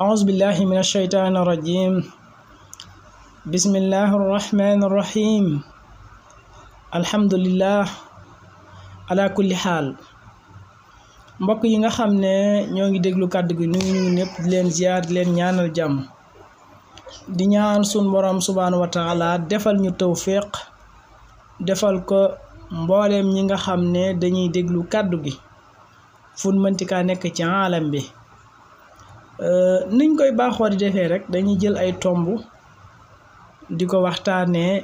أعوذ بالله من الشيطان الرجيم بسم الله الرحمن الرحيم الحمد لله mbokk yi nga xam ne ñoo ngi déglu kàddu gi nuyu ñu ñëpp di leen ziar di leen ñaanal jàmm di ñaan sun borom subhaanahu wa defal ñu tawfiq defal ko mbooleem ñi nga xam ne dañuy déglu kàddu gi fun mëntikaa nekk ci aalam bi Euh, niñ koy baaxoo di defee rek dañuy jël ay tomb di ko waxtaanee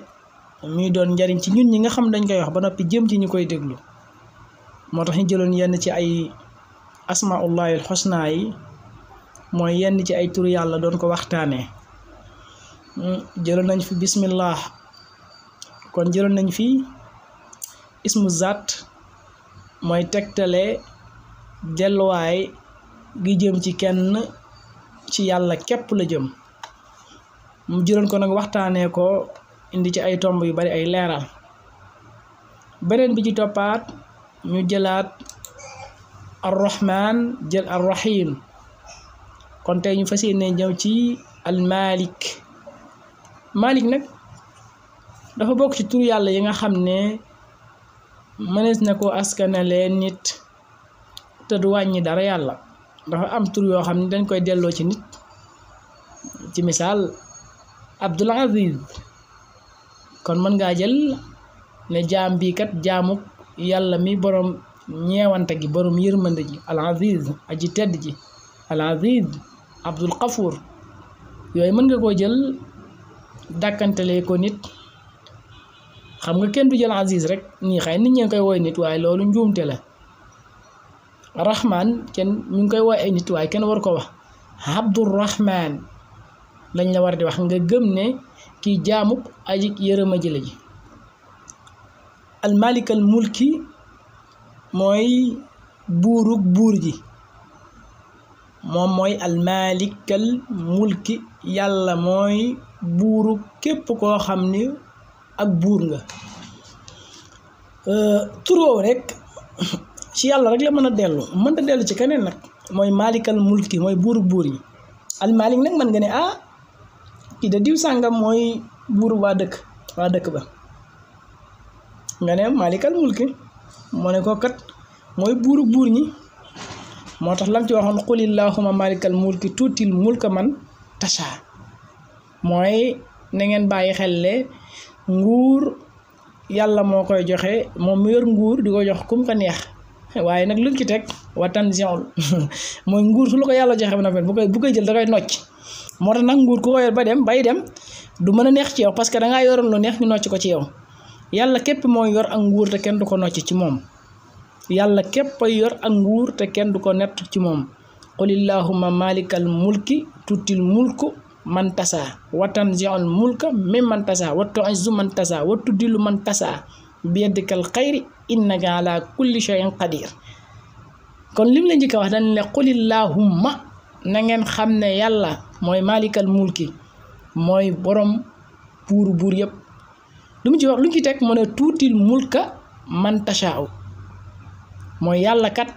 muy doon njariñ ci ñun ñi nga xam dañ koy wax ba noppi jëm ci ñu koy déglu moo tax ñu jëloon yenn ci ay asmaullahi alxusna yi mooy yenn ci ay tur yàlla doon ko waxtaanee hmm, jëloon nañ fi bismillah kon jëloon nañu fi ismu zat mooy tegtale delluwaay gi jëm ci kenn ci yàlla képp la jëm mu jëloon ko nag waxtaanee ko indi ci ay tomb yu bari ay leeral beneen bi ci toppaat ñu jëlaat arrahman jël arrahim kon tey ñu fas ci malik nag dafa bokk ci tur yàlla yi nga xam ne mënees na ko askanale nit te du wàññi dara yàlla dafa am tur yoo xam ne dañ koy delloo ci nit ci misaal Abdul Aziz kon mën ngaa jël ne jaam bii kat jaamuk yàlla mi boroom ñeewante gi borom yërmande ji al aziz aji tedd ji al aziz abdul qafuur yooyu mën nga koo jël dàkkantelee ko nit xam nga kenn du jël aziz rek nii xëy nit ñi ngi koy woy nit waaye loolu njuumte la rahman kenn ñu ngi koy woy ay nit waaye kenn war ko wax abdurahman lañ la war di wax nga gëm ne kii jaamu aj yërëm a jële ji almalikal mulki mooy buurug buur ji moom mooy almalikal mulki yàlla mooy buuru képp koo xam ni ak buur nga turoo rek ci yàlla rek la mën a dellu mënta dellu ci keneen nag mooy malikal mulki mooy buurug buur yi almalik nag mën nga ne ah kii de diw sàngam mooy buuru waa dëkk waa dëkk ba nga ne maalikal mulki moo ne ko kat mooy buuru buur ñi moo tax lam ci waxoon xulillahuma maalikal mulki tuutil mulka man tasha mooy nangeen ngeen bàyyi xelle nguur yàlla moo koy joxe moom mu yor nguur di ko jox kum ko neex waaye nag luñ ci teg wa tanziul mooy nguur su la ko yàlla joxe ba na bu koy bu koy jël da koy nocc moo tax nag nguur ku ko yor ba dem bay dem du mën a neex ci yow parce que dangaa yoroon lu neex ñu nocc ko ci yow yàlla képp mooy yor ak nguur te kenn du ko nocc ci moom yàlla képp yor ak nguur te kenn du ko nett ci moom qul illahuma malikal mulki tutil mulku man tasa wa tanziul mulka mimman tasa wa tuizzu man tasa wa tuddilu man tasa biyadikal xayri innaka ala kulli shay'in qadir kon lim la njëkk a wax dañ ne qul illahuma na ngeen xam ne yàlla mooy maalikal mulki mooy borom buuru buur yëpp lu mu ci wax lu ñu ci teg mu ne tuutil mulka man tashaaw mooy yàlla kat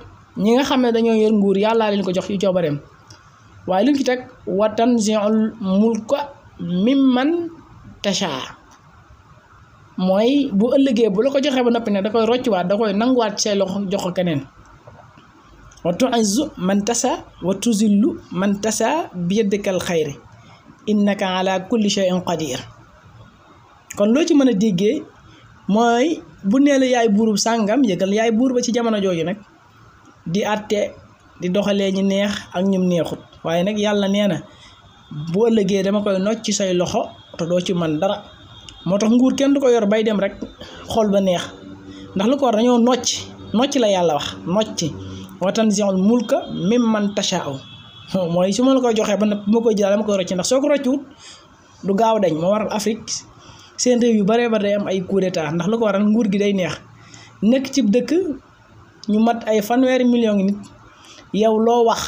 ñi nga xam ne dañoo yor nguur yàllaa leen ko jox yu coobareem waaye lu ñu ci teg wa tanziul mulka man tashaa mooy bu ëllëgee bu la ko joxee ba noppi ne da koy waa da koy nanguwaat say loxo jox keneen wa tu'izzu man tasa wa tuzillu man tasa bi yadikal xayri innaka ala kulli shay'in qadir kon loo ci mën a déggee mooy bu nee la yaay buurub sàngam yëgal yaay buur ba ci jamono jooju nag di àtte di doxalee ñi neex ak ñum neexut waaye nag yàlla nee na boo ëllëgee dama koy nocc say loxo te doo ci man dara moo tax nguur kenn du ko yor bay dem rek xool ba neex ndax lu ko war dañoo nocc nocc la yàlla wax nocc wa tanziul mulka mimman tasha'u moy suma la koy joxe ba nag koy jëlaat koy rocc ndax soko ko du gaaw dañ mo war Afrique seen rew yu bare bare am ay coup d'etat ndax lako waral nguur gi day neex nek ci dekk ñu mat ay fanwer million nit yow lo wax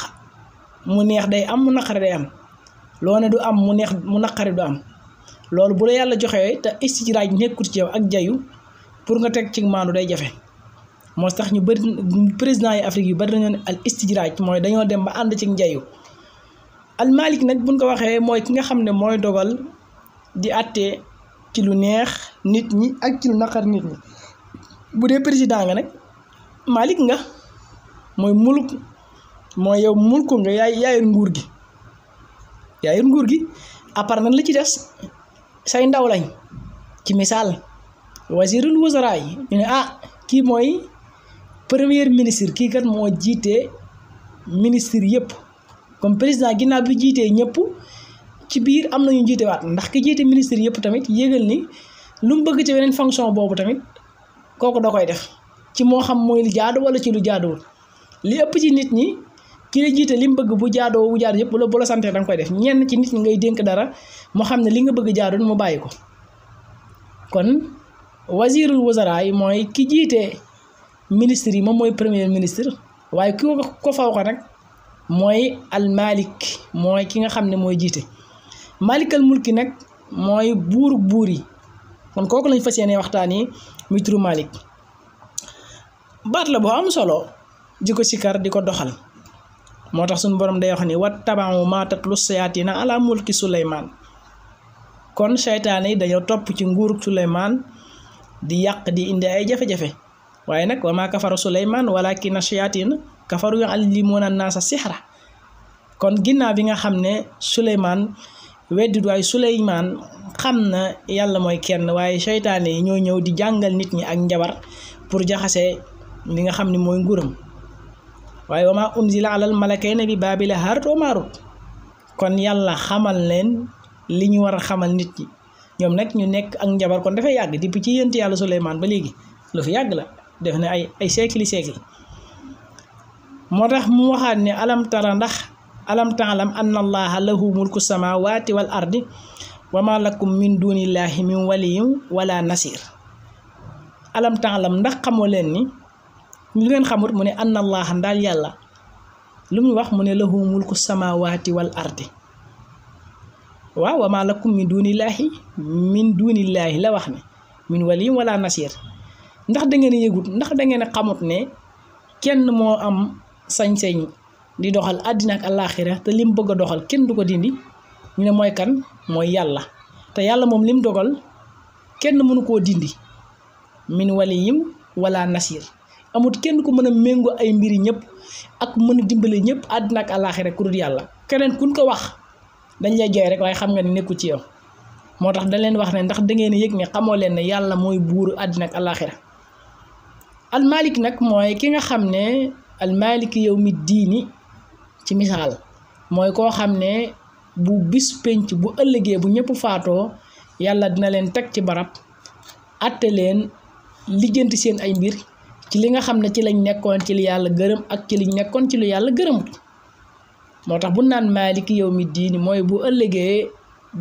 mu neex day am mu naqari day am lo ne du am mu neex mu naqari du am lolou bu la yalla joxe te istijraaj nekkut ci yow ak jayu pour nga tek ci manu day jafe moo tax ñu bëri président yi Afrique yi bëri dañoo ne al istijraaj mooy dañoo dem ba ànd ci njayu al malik nag bu ko waxee mooy ki nga xam ne mooy dogal di àtte ci lu neex nit ñi ak ci lu naqar nit ñi bu dee président nga nag malik nga mooy muluk mooy yow mulku nga yaay nguur gi yaayur nguur gi à part nan la ci des say ndaw lañ ci misaal wasirul wasaraa yi ñu ne ah kii mooy premier ministre kii kat moo jiite ministre yëpp comme président ginnaaw bi jiitee ñëpp ci biir am na ñu jiite waat ndax ki jiite ministre yëpp tamit yégal ni lu mu bëgg ci beneen fonction boobu tamit kooku da koy def ci moo xam mooy lu jaadu wala ci lu jaaduwul li ëpp ci nit ñi ki la jiite li mu bëgg bu jaadoo bu jaadu yëpp bu la bu la santee da koy def ñenn ci nit ñi ngay dénk dara moo xam ne li nga bëgg jaadul mu bàyyi ko kon wasiirul wasaraa ministre yi moom mooy premier ministre waaye ki ko faw ko nag mooy malik mooy ki nga xam ne mooy jiite malikal mulki nag mooy buurug buur yi kon kooku lañ fas yéene waxtaan malik baat la boo am solo di ko sikar di ko doxal moo tax suñu borom day wax ni wat tabaamu ma tatlu sayatina ala mulki suleymaan kon seytaane yi dañoo topp ci nguurug sulaiman, di yàq di indi ay jafe-jafe waaye nag wa maa kafara suleymaan walaakina shayaatiin kafaru moo yuallimuuna naasa sixra kon ginnaaw bi nga xam ne suleymaan weddit waaye suleymaan xam na yàlla mooy kenn waaye seytaane yi ñoo ñëw di jàngal nit ñi ak njabar pour jaxase li nga xam ni mooy nguuram waaye wa maa unzila alal malakayni bi baabila haarut wa maarut kon yàlla xamal leen li ñu war a xamal nit ñi ñoom nag ñu nekk ak njabar kon dafay yàgg depuis ci yent yàlla suleymaan ba léegi lu fi yàgg la def na ay ay siècle moo tax mu waxaat ni alam ndax alam taalam anna allaha lahu mulku samawati wal ardi wa ma lakum min dunillahi min waliyyin wala nasir alam taalam ndax xamoo leen ni lu ngeen xamut mu ne yàlla lu mu wax mu ne lahu mulku samawati wal ardi waaw wa ma lakum min dunillahi la wax ne min waliyyin wala nasir ndax da ngeen yëgut ndax da ngeen xamut ne kenn moo am sañ-sañ di doxal àddina ak àllaaxira te lim bëgg a doxal kenn du ko dindi ñu ne mooy kan mooy yàlla te yàlla moom lim dogal kenn mënu koo dindi min waliyim wala nasir amut kenn ku mën a méngoo ay mbiri ñëpp ak mën a dimbale ñëpp àddina ak àllaaxira ku dul yàlla keneen kuñ ko wax dañ lay jooy rek waaye xam nga ne nekku ci yow moo tax dañ leen wax ne ndax da ngeen yëg ne xamoo leen ne yàlla mooy buuru àddina ak àllaaxira almalik nag mooy ki nga xam ne almaliki yow mi diini ci misaal mooy koo xam ne bu bis pénc bu ëllëgee bu ñépp faatoo yàlla dina leen teg ci barab atte leen lijjanti seen ay mbir ci li nga xam ne ci lañ nekkoon ci li yàlla gërëm ak ci liñ nekkoon ci lu yàlla gërëmut moo tax bu naan maaliki yow mi diini mooy bu ëllëgee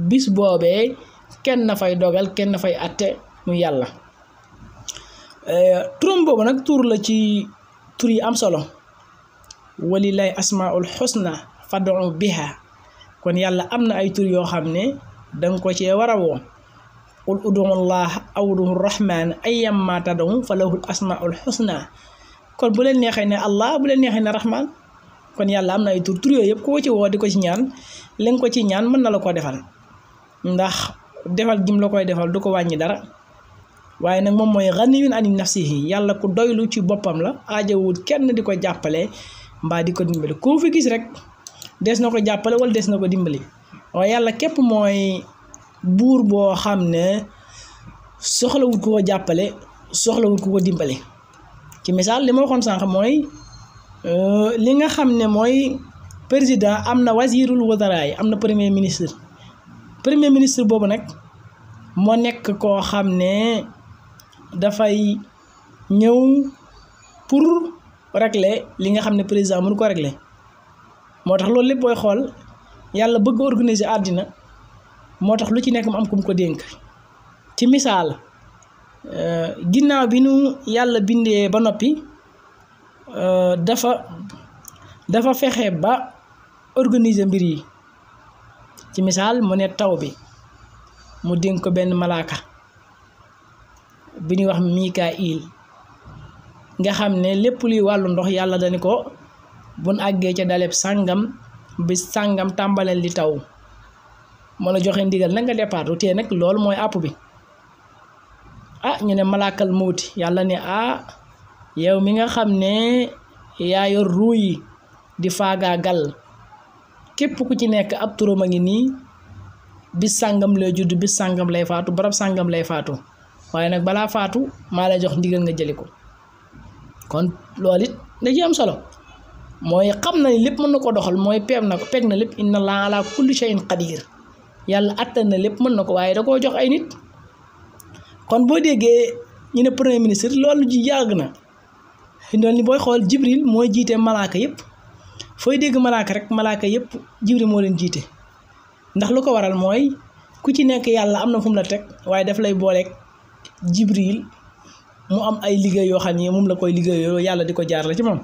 bis boobee kenn na fay dogal kenn na fay atte mu yàlla Euh, turam boobu nag tur la ci tur yi am solo walilay asmaul xusna fad'u biha kon yàlla am na ay tur yoo xam ne danga ko cee war a woo qul udullah aw udu rahman ayyamma tad'u falahul asmaul xusna kon bu leen neexee ne allah bu leen neexee ne rahman kon yàlla am na ay tur tur yooyu yëpp koo ci woo di ko ci ñaan leen ko ci ñaan mën na la ko defal ndax defal gim la koy defal du ko wàññi dara waaye nag moom mooy ganiyun ani nafsihi yàlla ku doylu ci boppam la aajowul kenn di ko jàppale mbaa di ko dimbali koo fi gis rek des na ko jàppale walla des na ko dimbali waaye yàlla képp mooy buur boo xam ne soxlawul ku ko jàppale soxlawul ku ko dimbali ci misaal li ma waxoon sànq mooy euh, li nga xam ne mooy président am na wasiirul wasaraay am na premier ministre premier ministre boobu nag moo nekk koo xam ne dafay ñëw pour régler li nga xam ne président mënu ko régler moo tax loolu lépp booy xool yàlla bëgg organiser àddina moo tax lu ci nekk mu am ku mu ko dénk ci misaal euh, ginnaaw bi nu yàlla bindee ba noppi euh, dafa dafa fexe ba organiser mbir yi ci misaal mu ne taw bi mu dénk ko benn malaaka bi ñuy wax Mikaayil nga xam ne lépp luy wàllu ndox yàlla dañu ko buñ àggee ca daleb sàngam bi sàngam tàmbaleel di taw moo la joxe ndigal na nga départ tee nag lool mooy àpp bi ah ñu ne malaakal mawti yàlla ne ah yow mi nga xam ne yaa yor ruu yi di faagaagal képp ku ci nekk ab turam a ngi nii bis sàngam lay juddu bi sàngam lay faatu barab sàngam lay faatu waaye nag balaa faatu maa lay jox ndigal nga jëli ko kon lool it da ci am solo mooy xam na ni lépp mën na ko doxal mooy peeg na ko peeg na lépp inna laa ala kulli shay'in qadir yàlla attan na lépp mën na ko waaye da koo jox ay nit kon boo déggee ñu ne premier ministre loolu ji yàgg na doon ni booy xool jibril mooy jiite malaaka yëpp fooy dégg malaaka rek malaaka yëpp jibril moo leen jiite ndax lu ko waral mooy ku ci nekk yàlla am na fu la teg waaye daf lay booleek jibril mu am ay liggéey yoo xam ne moom la koy liggéeyoo yàlla di ko jaarale ci moom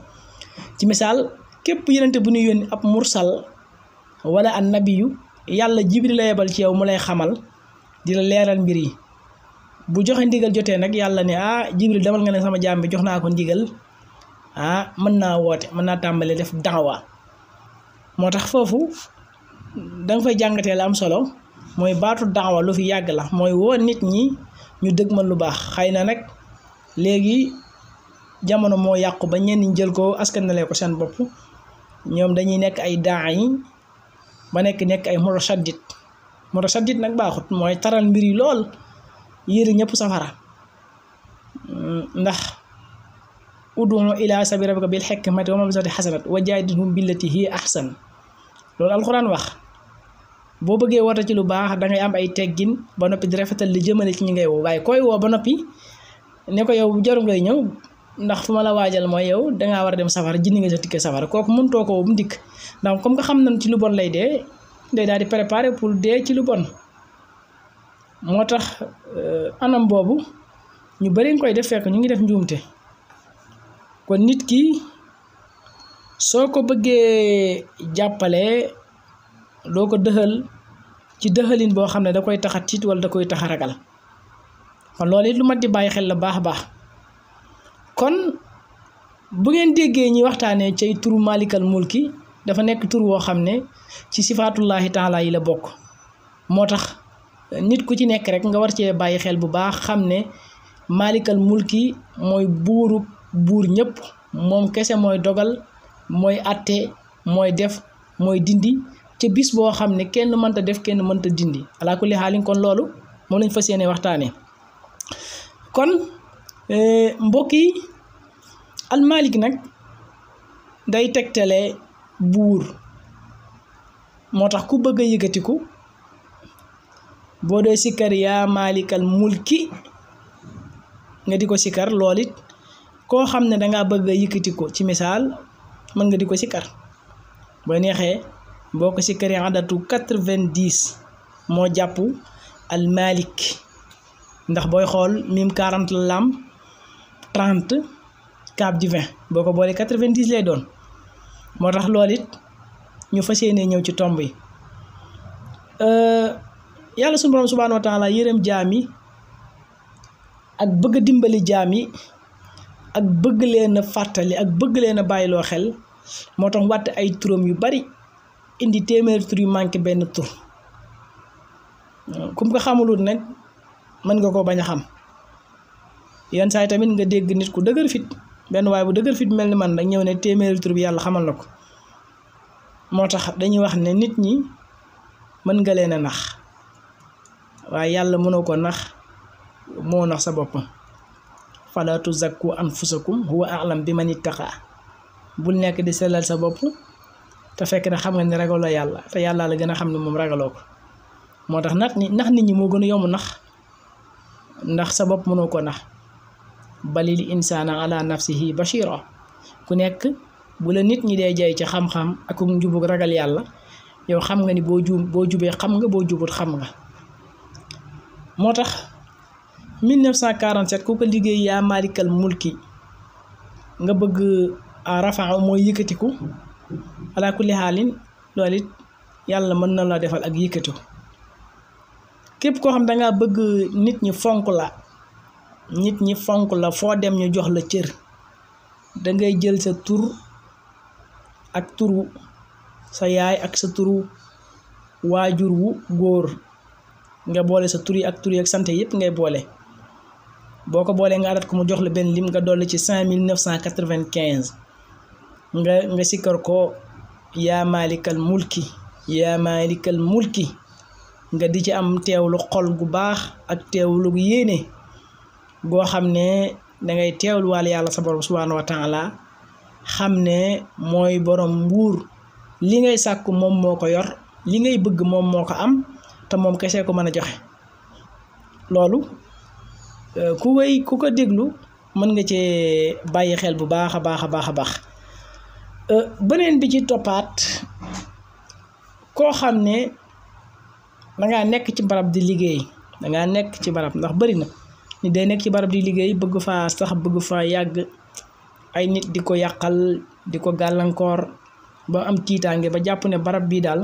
ci misaal képp yenente bu ñu yónni ab mursal wala an nabiyu yàlla jibril la yebal ci yow mu lay xamal di la leeral mbir yi bu joxe ndigal jotee nag yàlla ne ah jibril demal nga ne sama jaam bi jox naa ko ndigal ah, mën naa woote mën naa tàmbalee def daawa moo tax foofu danga fay jàngatee la am solo mooy baatu daawa lu fi yàgg la mooy woo nit ñi ñu dëgmal lu baax xëy na nag léegi jamono moo yàqu ba ñenn ñi jël ko askanalee ko seen bopp ñoom dañuy nekk ay daa ba nekk nekk ay murashadit murashadit nag baaxut mooy taral mbir yi lool yére ñëpp safara ndax ud'u ila sabi rabbika bil hikmati wa maw'izati hasanat wa jaadilhum billati hiya ahsan loolu alquran wax boo bëggee woote ci lu baax dangay am ay teggin ba noppi di rafetal li jëmale ci ñi ngay woo waaye koy woo ba noppi ne ko yow jaru ngay ñëw ndax fu ma la waajal mooy yow dangaa war a dem safara jënd nga sa ticket safara kooku mëntoo ko mu dikk ndax comme nga xam na ci lu bon lay dee day daal di préparer pour dee ci lu bon moo tax euh, anam boobu ñu bëri nga koy def fekk ñu ngi def njuumte kon nit ki soo ko bëggee jàppale doo ko dëxal ci dëxalin boo xam ne da koy tax a tiit wala da koy taxa a ragal kon loolu it lu mat di bàyyi xel la baax a baax kon bu ngeen déggee ñi waxtaanee cay turu malikal mulki dafa nekk tur woo xam ne ci sifaatullahi taala yi la bokk moo tax nit ku ci nekk rek nga war cee bàyyi xel bu baax xam ne malikal mulki mooy buurub buur ñépp moom kese mooy dogal mooy atte mooy def mooy dindi ci bis bo xamne ne kenn mënta def kenn mënta dindi ala kulli halin kon lolu mo lañ fassiyene waxtane kon kon e, mbokki al malik nak day tektale bour motax ku bëgg a yëkkatiku boo dee sikkar yaa maalikal mulki nga diko ko lolit ko xamne da nga ne bëgg yëkëti ko ci misal man nga diko sikar bo nexé boo ko ci kari adatu quatre-vingt-dix moo jàpp al ndax booy xool mim quarante la laam trente kaab di vingt boo ko boolee quatre-vingt-dix lay doon moo tax lool it ñu fas yéene ñëw ci tomb yi euh, yàlla suñu borom subhaanahu wa taala ak bëgg dimbali jaam yi ak bëgg leen a ak bëgg leen a bàyyiloo xel moo tax wàtt ay turam yu bari indi téeméeri tur yu manqué benn tur kum ko xamulul nag mën nga koo bañ a xam yenn saa yi tamit nga dégg nit ku dëgër fit benn waaye bu dëgër fit mel ni man nag ñëw ne téeméeri tur bi yàlla xamal na ko moo tax dañuy wax ne nit ñi mën nga leen a nax waaye yàlla mënoo ko nax moo nax sa boppam fala tuzakku anfusakum huwa a'lam bi man ittaqa bul nekk di sellal sa bopp te fekk na xam nga ni ragaloo yàlla te yàlla la gën a xam ne moom ragaloo ko moo tax nag ni nax nit ñi moo gën a yomb nax ndax sa bopp mënoo ko nax balil insaana ala nafsihi bashira ku nekk bu la nit ñi dee jay ci xam-xam ak njubug ragal yàlla yow xam nga ni boo ju boo jubee xam nga boo jubut xam nga moo tax 1947 ku ko liggéey yaa malikal mulki nga bëgg rafa mooy yëkkatiku ala kulli halin lolit yalla mën na la defal ak yëkkatu kep ko xam nga bëgg nit ñi fonk la nit ñi fonk la fo dem ñu jox la cër ngay jël sa tour ak turu sa yaay ak sa turu wajur wu gor nga boole sa turi yi ak tur yi ak sante yëpp ngay boole boko boole nga adat ko mu jox la ben lim nga dolli ci 5995 nga sikar ko ya malikal mulki ya malikal mulki nga di ci am tewlu xol gu bax ak tewlu gu yéene goo xam ne dangay teewlu wàll yàlla sa borom subhanahu wa taala xamne moy borom nguur li ngay sakku mom moko ko yor li ngay bëgg mom moko am ta mom kesse ko mën joxe lolu ku way ku ko deglu man nga ci baye xel bu baakha baakha baakha Euh, beneen bi ci toppaat koo xam ne dangaa nekk ci barab di liggéey dangaa nekk ci barab ndax bari na ni day nekk ci barab di liggéey bëgg faa sax bëgg faa yàgg ay nit di ko yàqal di ko gàllankoor ba am tiitaange ba jàpp ne barab bii daal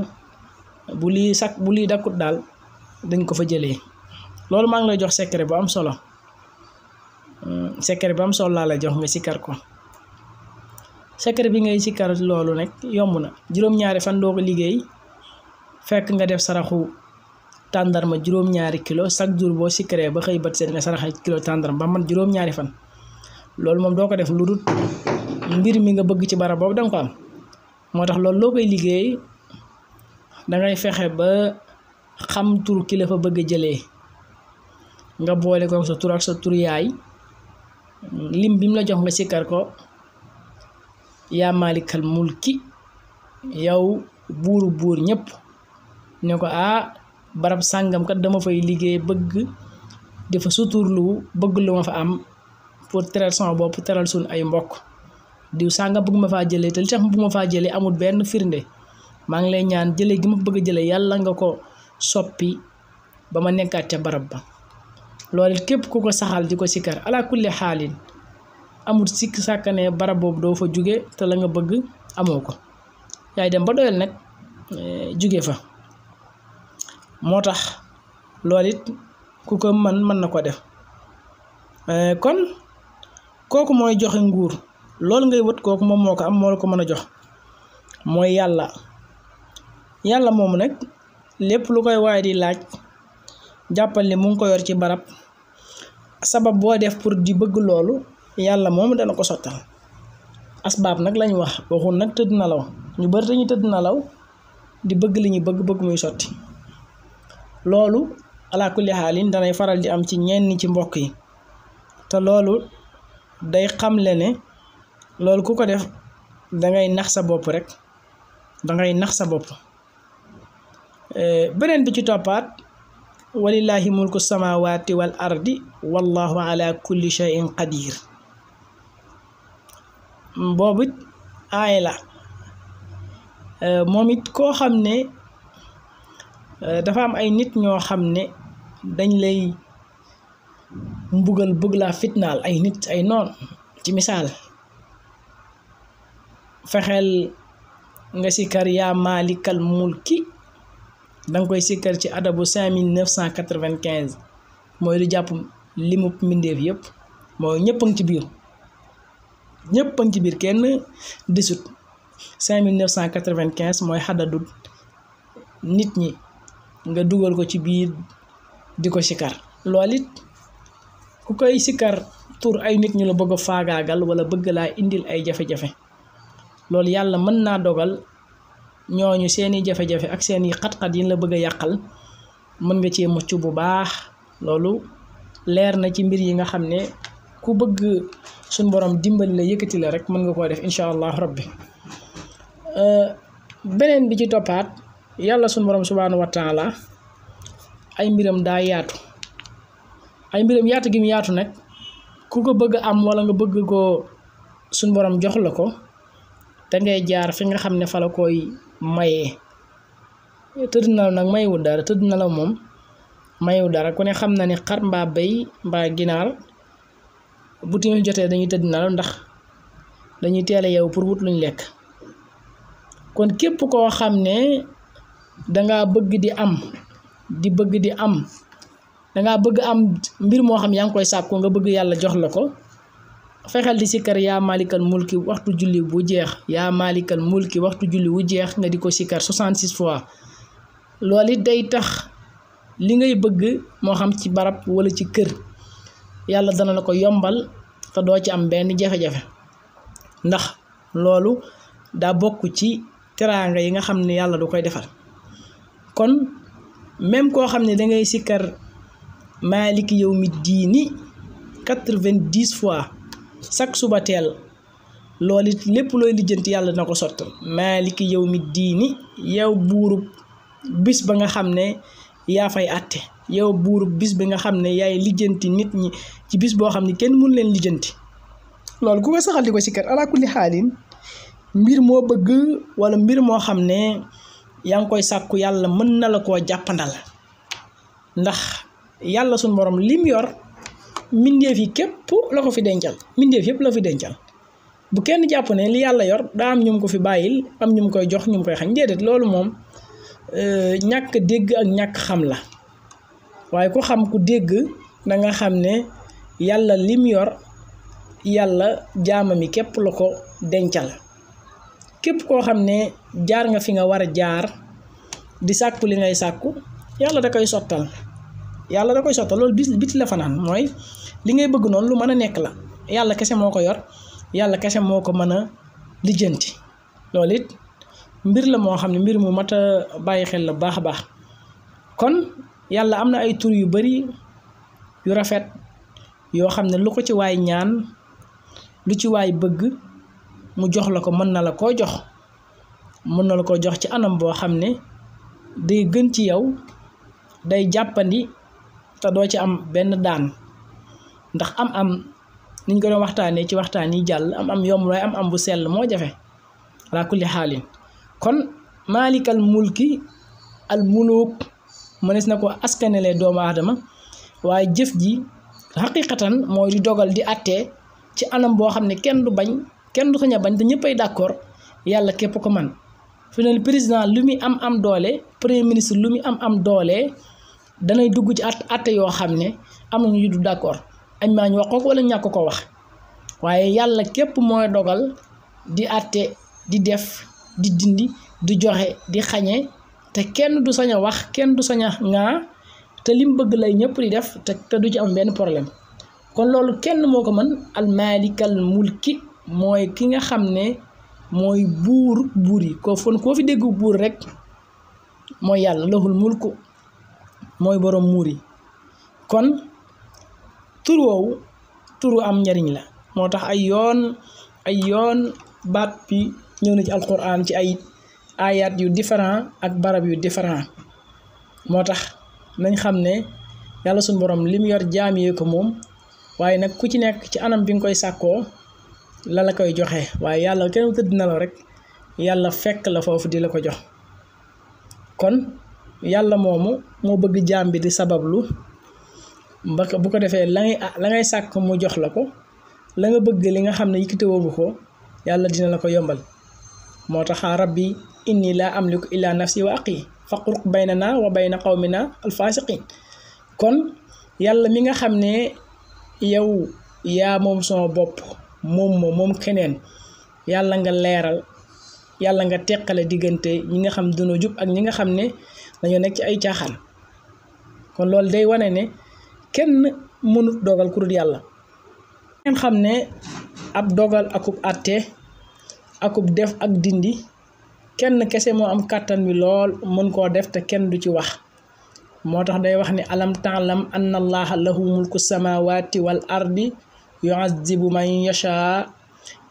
bu lii sak bu lii dakkut daal dañ ko fa jëlee loolu maa ngi lay jox secret bu am solo hmm, secret bu am solo laa lay jox nga sikkar ko secret bi ngay sikkar loolu nag yomb na juróom-ñaari fan doo ko liggéey fekk nga def saraxu tàndarma juróom-ñaari kilo chaque jour boo sikkaree ba xëy bat seet nga saraxa kilo tàndarma ba man juróom-ñaari fan loolu moom doo ko def lu dul mbir mi nga bëgg ci barab boobu danga ko am moo tax loolu loo koy liggéey dangay fexe ba xam tur ki fa bëgg a jëlee nga boole ko sa tur ak sa tur yaay lim bi mu la jox nga sikkar ko ya malikal mulki yow buru buru ñep ne ko a ah, barab sangam kat dama fay liggéey bëgg dafa suturlu bëgg lu ma fa am pour teral sama bop teral sun ay mbokk diw sàngam bëgg ma faa jëlee te li tax bu ma faa jëlee amul benn firnde ma ngi lay ñaan jëlee gi ma bëgg a yalla nga ko soppi bama nekkat ca barab ba lolit kep ku ko saxal di sikar ala kulli halin amul sik sakane bara bob do fa jóge te la nga bëgg amoko yaay dem ba doyal nak eh, jóge fa motax lolit ku ko man man nako ko def eh, kon koku moy joxe nguur lol ngay wut koku mom moko ko am moo la ko mën jox moy yalla yalla mom nak lepp lu koy way di laaj jappal ni mu ngi ko yor ci barab sabab bo def pour di bëgg lolou yàlla moom dana ko sottal asbaab nag lañ wax waxun nag tëdd nalaw ñu bari dañuy tëdd nalaw di bëgg li ñu bëgg bëgg muy sotti loolu alaa kulli xaalin danay faral di am ci ñenn ci mbokk yi te loolu day xamle ne loolu ku ko def dangay nax sa bopp rek dangay nax sa bopp eh, beneen bi ci toppaat walillaahi mulku samaawaati wal ardi wallahu ala kulli shay'in qadir boobu it aay la euh, moom it koo xam ne euh, dafa am ay nit ñoo xam ne dañ lay mbugal bëgg laa fitnaal ay nit ay noon ci misaal fexeel nga sikkar yaa maalikal mulki danga koy sikkar ci adabu cinq mille neuf cent quatre mooy lu jàpp limub mbindeef yépp mooy ñëpp ci biir ñépp a ci biir kenn desut 5995 mooy xadadut nit ñi nga dugal ko ci biir di ko sikar lool it ku koy sikar tur ay nit ñu la bëgg a faagaagal walla bëgg laa indil ay jafe-jafe loolu yàlla mën naa dogal ñooñu seeni jafe-jafe ak seeni xat-xat yi la bëgg yàqal mën nga cee mucc bu baax loolu leer na ci mbir yi nga xam ne ku bëgg suñ borom dimbali la yëkkati la rek mën nga koo def incha allah rabbi euh, beneen bi ci toppaat yàlla suñ borom subhaanahu wa taala ay mbiram daa yaatu ay mbiram yaatu gi mu yaatu nag ku ko bëgg am wala nga bëgg koo suñ borom jox la ko da ngay jaar fi nga xam ne fa la koy mayee tëdd na la nag mayewu dara tëdd na la moom mayewu dara ku ne xam ne xar mbaa béy mbaa ginaar bu timis jotee dañuy tëdd nelaw ndax dañuy teel a yeewu pour wut luñ lekk kon képp koo xam ne dangaa bëgg di am di bëgg di am dangaa bëgg am mbir moo xam yaa ngi koy sàkku nga bëgg yàlla jox la ko fexeel di sikkar yaa malikal mulki waxtu julli wu jeex yaa maalikal mulki waxtu julli wu jeex nga di ko sikkar 66 fois loolu it day tax li ngay bëgg moo xam ci barab wala ci kër yàlla dana la ko yombal te doo ci am benn jafe-jafe ndax loolu daa bokk ci teraanga yi nga xam ne yàlla du koy defar kon même koo xam ne dangay sikkar maaliki yow mi diini quatre-vingt-dix fois chaque suba teel loolu it lépp looy lijjanti yàlla dina ko sottal maaliki yow mi diini yow buurub bis ba nga xam ne yaa fay àtte yow buru bis bi nga xamne ne yaay lijeenti nit ñi ci bis ken xamne kenn mun leen lijeenti lool ku ko saxal di ko kër ala kulli halin mbir mo bëgg wala mbir mo xamne yang koy sakku yalla mën na la ko jappandal ndax yalla sun borom lim yor minde fi kep la ko fi minde fi yep la fi denjal bu kenn japp ne li yalla yor da am ñum ko fi bayil am ñum koy jox ñum koy xañ déedéet mom euh ñak ak ñak xam la waaye ku xam ku dégg danga xam ne yàlla lim yor yàlla jaamami képp la ko dencal képp koo xam ne jaar nga fi nga war a jaar di sàkku li ngay sàkku yàlla da koy sottal yàlla da koy sottal loolu bi biti la fanaan mooy li ngay bëgg noonu lu mën a nekk la yàlla kese moo ko yor yàlla kese moo ko mën a lijjanti loolu it mbir la moo xam ne mbir mu mat a bàyyi xel la baax a baax kon yàlla am na ay tur yu bari yu rafet yoo xam ne lu ko ci waay ñaan lu ci waay bëgg mu jox la ko mën na la koo jox mën na la ko jox ci anam boo xam ne day gën ci yow day jàppandi te doo ci am benn daan ndax am am niñ ko doon waxtaanee ci waxtaan yi jàll am am yomb looy am am bu sell moo jafe ala kulli xaalin kon maalikal mulki al mënees na ko askanelee doomu aadama waaye jëf ji xaqiqatan mooy di dogal di àttee ci anam boo xam ne kenn du bañ kenn du sañ a bañ te ñëppay d'accord yàlla képp ko man fi président lu muy am am doole premier ministre lu muy am am doole danay dugg ci at atte yoo xam ne am na du d'accord añ maa wax ko ko wala ñàkk ko wax waaye yàlla képp mooy dogal di àtte di def di dindi di joxe di xañe te kenn du saña wax kenn du saña nga te lim bëgg lay ñëpp di def te te du ci am benn problème kon loolu kenn moo ko mën almaalikal mulki mooy ki nga xam ne mooy buur buur yi ko fon koo fi dégg buur rek mooy yàlla lahul mulku mooy borom muur kon tur woowu turu am njariñ la moo tax ay yoon ay yoon baat bi ñëw na ci alquran ci ay ayat yu différent ak barab yu différent motax nañ xam yalla sun borom lim yor jaam yee ko mom waye nak ku ci nek ci anam bi nga koy sàkkoo la la koy joxe waye yalla kenn tëdd na la rek yalla fekk la fofu di la ko jox kon yalla momu mo bëgg jaam bi di sabablu mbaka bu ko defé la ngay la ngay sak mu jox la ko la nga bëgg li nga ko yalla dina la ko yombal motax rabbi inni laa am amliku illaa nafsi wa aqi faqruq baynana wa bayna qawmina alfasiqin kon yàlla mi nga xam ne yow yaa moom sama bopp moom ma moom keneen yàlla nga leeral yàlla nga teqale diggante ñi nga xam duna jub ak ñi nga xam ne dañoo nekk ci ay caaxaan kon loolu day wane ne kenn mënut dogal ku yàlla ngeen xam ne ab dogal akub àtte akub def ak dindi kenn kese moo am kàttan bi lool mën koo def te kenn du ci wax moo tax day wax ni alam taalam anna allaha lahu mulku samawati wal ardi yuazibu man yasha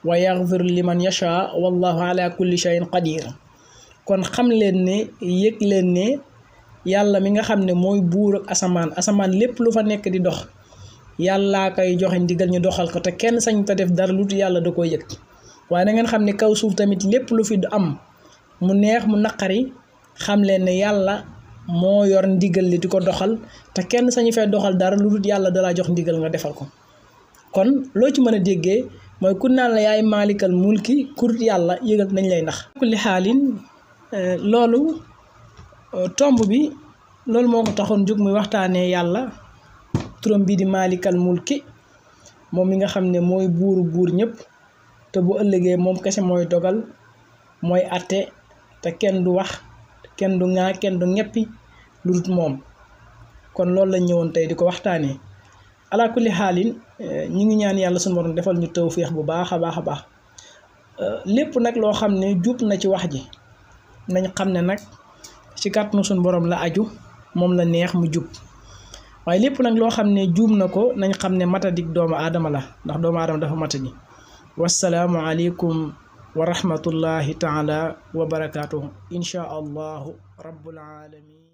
wa yaghfir liman yasha wallahu ala kulli shayin qadir kon xam leen ne yëg leen ne yàlla mi nga xam ne mooy buur ak asamaan asamaan lépp lu fa nekk di dox yàlla kay joxe ndigal ñu doxal ko te kenn sañ ta def dara lu yàlla da koy yëg waaye na ngeen xam ne kaw suuf tamit lépp lu fi am mu neex mu naqari xam leen ne yàlla moo yor ndigal li di ko doxal te kenn sañu fay doxal dara lu dut yàlla dalaa jox ndigal nga defal ko kon loo ci mën a déggee mooy ku naan la yaay maalikal mulki ku dul yàlla yëgal nañ lay ndax li xaalin euh, loolu euh, tomb bi loolu moo ko taxoon jóg muy waxtaanee yàlla turam bii di maalikal mulki moom mi nga xam ne mooy buuru buur ñëpp te bu ëllëgee moom kese mooy dogal mooy atte te kenn du wax kenn du ŋaa kenn du ñeppi lu dut moom kon loolu lañ ñëwoon tey di ko waxtaanee ala kulli xaalin eh, ñu ngi ñaan yàlla suñ borom defal ñu tawféex bu baax a baax a baax eh, lépp nag loo xam ne jub na ci wax ji nañ xam ne nag ci kàttanu suñu borom la aju moom la neex mu jub waaye lépp nag loo xam ne juum na ko nañ xam ne matadik doomu aadama la ndax doomu aadama dafa matadi wasalaamu aleykum ورحمة الله تعالى وبركاته إن شاء الله رب العالمين